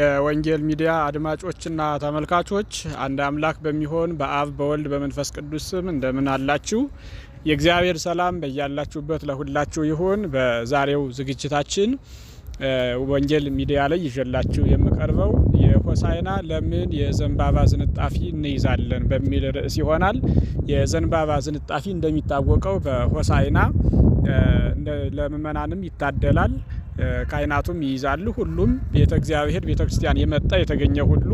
የወንጌል ሚዲያ አድማጮችና ተመልካቾች አንድ አምላክ በሚሆን በአብ በወልድ በመንፈስ ቅዱስ ስም እንደምን አላችሁ? የእግዚአብሔር ሰላም በያላችሁበት ለሁላችሁ ይሁን። በዛሬው ዝግጅታችን ወንጌል ሚዲያ ላይ ይዤላችሁ የምቀርበው የሆሳይና ለምን የዘንባባ ዝንጣፊ እንይዛለን በሚል ርዕስ ይሆናል። የዘንባባ ዝንጣፊ እንደሚታወቀው በሆሳይና ለምእመናንም ይታደላል። ካህናቱም ይይዛሉ። ሁሉም ቤተ እግዚአብሔር ቤተ ክርስቲያን የመጣ የተገኘ ሁሉ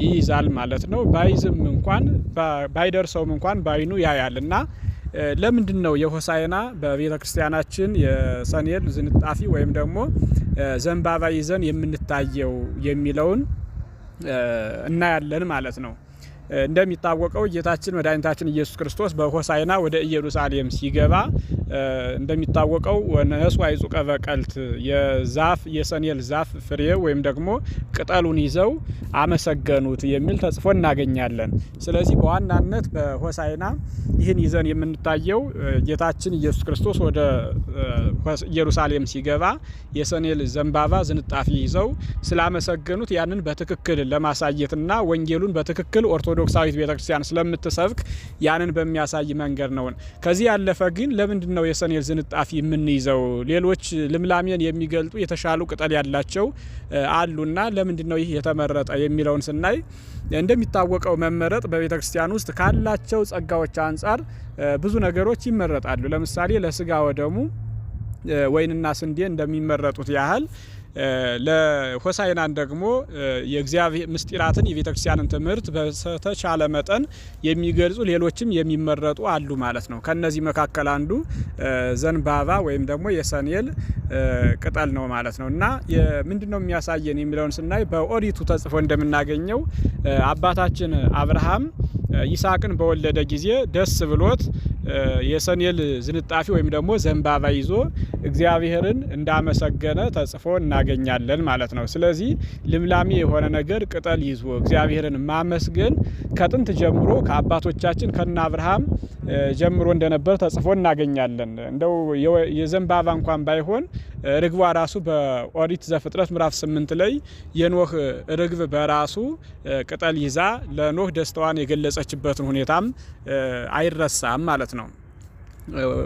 ይይዛል ማለት ነው። ባይዝም እንኳን ባይደርሰውም እንኳን ባይኑ ያያል እና ለምንድን ነው የሆሳዕና በቤተ ክርስቲያናችን የሰኔል ዝንጣፊ ወይም ደግሞ ዘንባባ ይዘን የምንታየው የሚለውን እናያለን ማለት ነው። እንደሚታወቀው ጌታችን መድኃኒታችን ኢየሱስ ክርስቶስ በሆሳዕና ወደ ኢየሩሳሌም ሲገባ እንደሚታወቀው ነሱ አይጹቀ በቀልት የዛፍ የሰኔል ዛፍ ፍሬ ወይም ደግሞ ቅጠሉን ይዘው አመሰገኑት የሚል ተጽፎ እናገኛለን። ስለዚህ በዋናነት በሆሳይና ይህን ይዘን የምንታየው ጌታችን ኢየሱስ ክርስቶስ ወደ ኢየሩሳሌም ሲገባ የሰኔል ዘንባባ ዝንጣፊ ይዘው ስላመሰገኑት ያንን በትክክል ለማሳየትና ወንጌሉን በትክክል ኦርቶዶክሳዊት ቤተክርስቲያን ስለምትሰብክ ያንን በሚያሳይ መንገድ ነውን። ከዚህ ያለፈ ግን ለምንድን ነው ነው የሰኔል ዝንጣፊ የምንይዘው። ሌሎች ልምላሜን የሚገልጡ የተሻሉ ቅጠል ያላቸው አሉና ለምንድን ነው ይህ የተመረጠ የሚለውን ስናይ እንደሚታወቀው መመረጥ በቤተ ክርስቲያን ውስጥ ካላቸው ጸጋዎች አንጻር ብዙ ነገሮች ይመረጣሉ። ለምሳሌ ለስጋ ወደሙ ወይንና ስንዴ እንደሚመረጡት ያህል ለሆሳይናን ደግሞ የእግዚአብሔር ምስጢራትን የቤተ ክርስቲያንን ትምህርት በተቻለ መጠን የሚገልጹ ሌሎችም የሚመረጡ አሉ ማለት ነው። ከነዚህ መካከል አንዱ ዘንባባ ወይም ደግሞ የሰኔል ቅጠል ነው ማለት ነው እና ምንድን ነው የሚያሳየን የሚለውን ስናይ በኦሪቱ ተጽፎ እንደምናገኘው አባታችን አብርሃም ይስሐቅን በወለደ ጊዜ ደስ ብሎት የሰኔል ዝንጣፊ ወይም ደግሞ ዘንባባ ይዞ እግዚአብሔርን እንዳመሰገነ ተጽፎ እናገኛለን ማለት ነው። ስለዚህ ልምላሜ የሆነ ነገር ቅጠል ይዞ እግዚአብሔርን ማመስገን ከጥንት ጀምሮ ከአባቶቻችን ከነ አብርሃም ጀምሮ እንደነበር ተጽፎ እናገኛለን። እንደው የዘንባባ እንኳን ባይሆን ርግቧ ራሱ በኦሪት ዘፍጥረት ምዕራፍ 8 ላይ የኖህ ርግብ በራሱ ቅጠል ይዛ ለኖህ ደስታዋን የገለጸችበትን ሁኔታም አይረሳም ማለት ነው።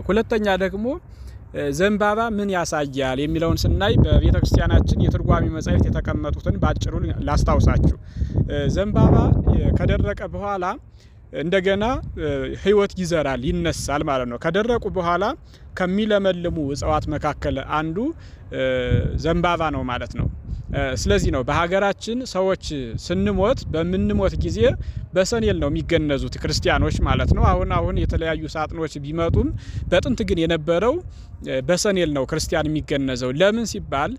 ሁለተኛ ደግሞ ዘንባባ ምን ያሳያል የሚለውን ስናይ በቤተ ክርስቲያናችን የትርጓሚ መጻሕፍት የተቀመጡትን በአጭሩ ላስታውሳችሁ። ዘንባባ ከደረቀ በኋላ እንደገና ህይወት ይዘራል፣ ይነሳል ማለት ነው። ከደረቁ በኋላ ከሚለመልሙ እጽዋት መካከል አንዱ ዘንባባ ነው ማለት ነው። ስለዚህ ነው በሀገራችን ሰዎች ስንሞት በምንሞት ጊዜ በሰኔል ነው የሚገነዙት ክርስቲያኖች ማለት ነው። አሁን አሁን የተለያዩ ሳጥኖች ቢመጡም በጥንት ግን የነበረው በሰኔል ነው ክርስቲያን የሚገነዘው። ለምን ሲባል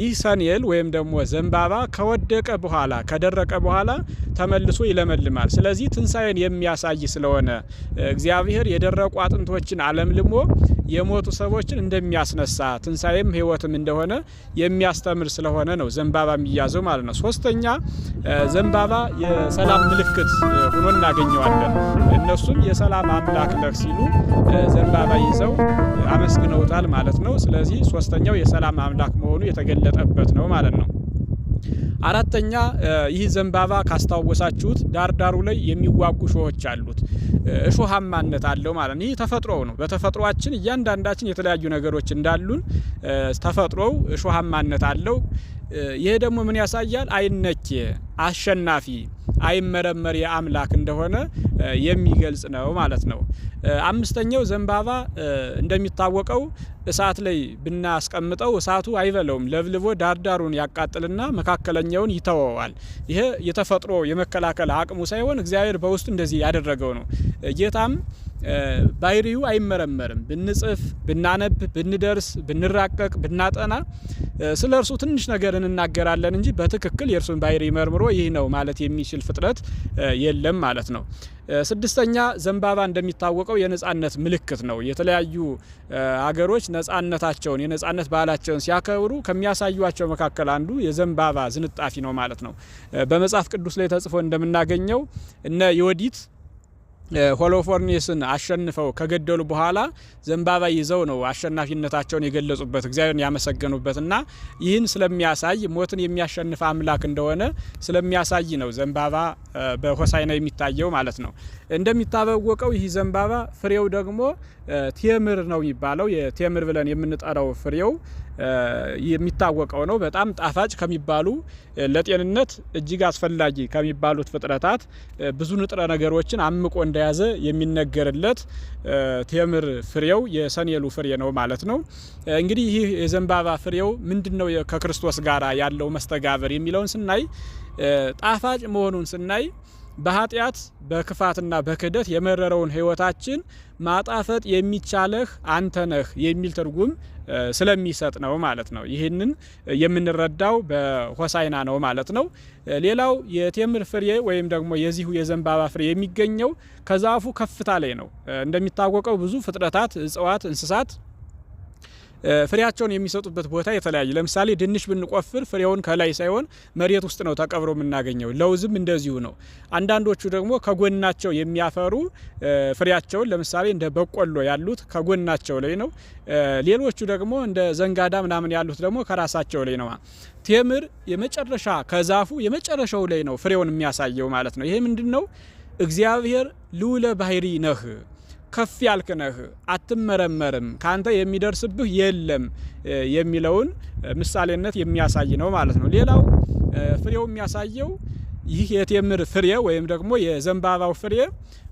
ይህ ሰኔል ወይም ደግሞ ዘንባባ ከወደቀ በኋላ ከደረቀ በኋላ ተመልሶ ይለመልማል። ስለዚህ ትንሣኤን የሚያሳይ ስለሆነ እግዚአብሔር የደረቁ አጥንቶችን አለምልሞ የሞቱ ሰዎችን እንደሚያስነሳ ትንሣኤም ሕይወትም እንደሆነ የሚያስተምር ስለሆነ ነው ዘንባባ የሚያዘው ማለት ነው። ሶስተኛ ዘንባባ የሰላም ምልክት ሆኖ እናገኘዋለን። እነሱም የሰላም አምላክ ነህ ሲሉ ዘንባባ ይዘው አመስግነውታል ማለት ነው። ስለዚህ ሶስተኛው የሰላም አምላክ መሆኑ የተገለጠበት ነው ማለት ነው። አራተኛ ይህ ዘንባባ ካስታወሳችሁት ዳር ዳሩ ላይ የሚዋጉ እሾሆች አሉት። እሾሃማነት አለው ማለት ነው። ይህ ተፈጥሮ ነው። በተፈጥሯችን እያንዳንዳችን የተለያዩ ነገሮች እንዳሉን ተፈጥሮው እሾሃማነት አለው። ይህ ደግሞ ምን ያሳያል? አይነኬ አሸናፊ አይመረመር የአምላክ እንደሆነ የሚገልጽ ነው ማለት ነው። አምስተኛው ዘንባባ እንደሚታወቀው እሳት ላይ ብናስቀምጠው እሳቱ አይበለውም፣ ለብልቦ ዳርዳሩን ያቃጥልና መካከለኛውን ይተወዋል። ይሄ የተፈጥሮ የመከላከል አቅሙ ሳይሆን እግዚአብሔር በውስጡ እንደዚህ ያደረገው ነው። ጌታም ባህሪው አይመረመርም። ብንጽፍ፣ ብናነብ፣ ብንደርስ፣ ብንራቀቅ፣ ብናጠና ስለ እርሱ ትንሽ ነገር እንናገራለን እንጂ በትክክል የእርሱን ባህሪ መርምሮ ይህ ነው ማለት የሚችል ፍጥረት የለም ማለት ነው። ስድስተኛ ዘንባባ እንደሚታወቀው የነጻነት ምልክት ነው። የተለያዩ አገሮች ነጻነታቸውን የነጻነት ባህላቸውን ሲያከብሩ ከሚያሳዩቸው መካከል አንዱ የዘንባባ ዝንጣፊ ነው ማለት ነው። በመጽሐፍ ቅዱስ ላይ ተጽፎ እንደምናገኘው እነ ዮዲት ሆሎፎርኔስን አሸንፈው ከገደሉ በኋላ ዘንባባ ይዘው ነው አሸናፊነታቸውን የገለጹበት እግዚአብሔርን ያመሰገኑበትና ይህን ስለሚያሳይ ሞትን የሚያሸንፍ አምላክ እንደሆነ ስለሚያሳይ ነው ዘንባባ በሆሳይና የሚታየው ማለት ነው። እንደሚታወቀው ይህ ዘንባባ ፍሬው ደግሞ ቴምር ነው የሚባለው። የቴምር ብለን የምንጠራው ፍሬው የሚታወቀው ነው። በጣም ጣፋጭ ከሚባሉ ለጤንነት እጅግ አስፈላጊ ከሚባሉት ፍጥረታት ብዙ ንጥረ ነገሮችን አምቆ እንደ እንደያዘ የሚነገርለት ቴምር ፍሬው የሰኔሉ ፍሬ ነው ማለት ነው። እንግዲህ ይህ የዘንባባ ፍሬው ምንድን ነው ከክርስቶስ ጋር ያለው መስተጋበር የሚለውን ስናይ ጣፋጭ መሆኑን ስናይ በኃጢአት በክፋትና በክህደት የመረረውን ህይወታችን ማጣፈጥ የሚቻለህ አንተ ነህ የሚል ትርጉም ስለሚሰጥ ነው ማለት ነው። ይህንን የምንረዳው በሆሳይና ነው ማለት ነው። ሌላው የቴምር ፍሬ ወይም ደግሞ የዚሁ የዘንባባ ፍሬ የሚገኘው ከዛፉ ከፍታ ላይ ነው። እንደሚታወቀው ብዙ ፍጥረታት፣ እጽዋት፣ እንስሳት ፍሬያቸውን የሚሰጡበት ቦታ የተለያየ ለምሳሌ ድንሽ ብንቆፍር ፍሬውን ከላይ ሳይሆን መሬት ውስጥ ነው ተቀብሮ የምናገኘው። ለውዝም እንደዚሁ ነው። አንዳንዶቹ ደግሞ ከጎናቸው የሚያፈሩ ፍሬያቸውን ለምሳሌ እንደ በቆሎ ያሉት ከጎናቸው ላይ ነው። ሌሎቹ ደግሞ እንደ ዘንጋዳ ምናምን ያሉት ደግሞ ከራሳቸው ላይ ነው። ቴምር የመጨረሻ ከዛፉ የመጨረሻው ላይ ነው ፍሬውን የሚያሳየው ማለት ነው። ይሄ ምንድን ነው? እግዚአብሔር ልዑለ ባህሪ ነህ ከፍ ያልክ ነህ፣ አትመረመርም፣ ካንተ የሚደርስብህ የለም የሚለውን ምሳሌነት የሚያሳይ ነው ማለት ነው። ሌላው ፍሬው የሚያሳየው ይህ የቴምር ፍሬ ወይም ደግሞ የዘንባባው ፍሬ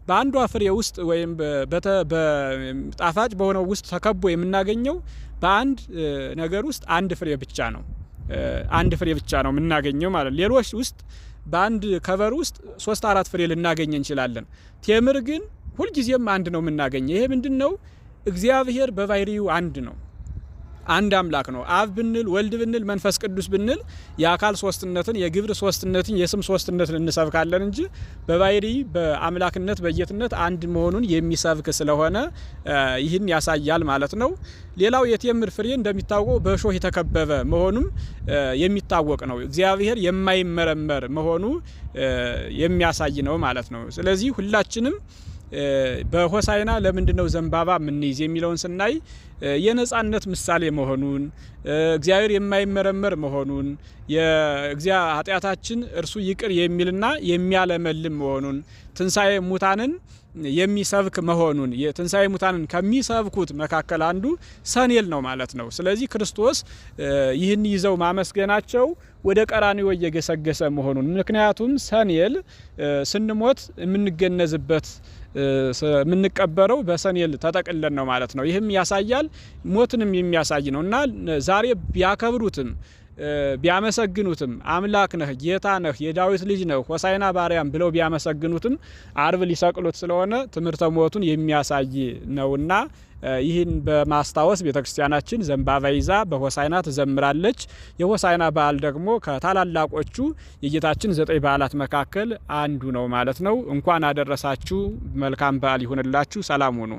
በአንዷ ፍሬ ውስጥ ወይም በጣፋጭ በሆነው ውስጥ ተከቦ የምናገኘው በአንድ ነገር ውስጥ አንድ ፍሬ ብቻ ነው። አንድ ፍሬ ብቻ ነው የምናገኘው ማለት ሌሎች ውስጥ በአንድ ከቨር ውስጥ ሶስት አራት ፍሬ ልናገኝ እንችላለን። ቴምር ግን ሁልጊዜም አንድ ነው የምናገኘ። ይሄ ምንድን ነው? እግዚአብሔር በባህሪው አንድ ነው። አንድ አምላክ ነው። አብ ብንል ወልድ ብንል መንፈስ ቅዱስ ብንል የአካል ሶስትነትን፣ የግብር ሶስትነትን፣ የስም ሶስትነትን እንሰብካለን እንጂ በባይሪ በአምላክነት በየትነት አንድ መሆኑን የሚሰብክ ስለሆነ ይህን ያሳያል ማለት ነው። ሌላው የቴምር ፍሬ እንደሚታወቀው በእሾህ የተከበበ መሆኑም የሚታወቅ ነው። እግዚአብሔር የማይመረመር መሆኑ የሚያሳይ ነው ማለት ነው። ስለዚህ ሁላችንም በሆሳይና ለምንድነው ዘንባባ የምንይዝ የሚለውን ስናይ የነጻነት ምሳሌ መሆኑን እግዚአብሔር የማይመረመር መሆኑን የእግዚአ ኃጢአታችን እርሱ ይቅር የሚልና የሚያለመልም መሆኑን ትንሣኤ ሙታንን የሚሰብክ መሆኑን የትንሣኤ ሙታንን ከሚሰብኩት መካከል አንዱ ሰኔል ነው ማለት ነው። ስለዚህ ክርስቶስ ይህን ይዘው ማመስገናቸው ወደ ቀራንዮ እየገሰገሰ መሆኑን ምክንያቱም ሰኔል ስንሞት የምንገነዝበት የምንቀበረው በሰኔል ተጠቅለን ነው ማለት ነው። ይህም ያሳያል መገደል ሞትንም የሚያሳይ ነው እና ዛሬ ቢያከብሩትም ቢያመሰግኑትም አምላክ ነህ፣ ጌታ ነህ፣ የዳዊት ልጅ ነህ፣ ሆሳይና ባሪያም ብለው ቢያመሰግኑትም አርብ ሊሰቅሉት ስለሆነ ትምህርተ ሞቱን የሚያሳይ ነውና ይህን በማስታወስ ቤተ ክርስቲያናችን ዘንባባ ይዛ በሆሳይና ትዘምራለች። የሆሳይና በዓል ደግሞ ከታላላቆቹ የጌታችን ዘጠኝ በዓላት መካከል አንዱ ነው ማለት ነው። እንኳን አደረሳችሁ። መልካም በዓል ይሁንላችሁ። ሰላም ሁኑ።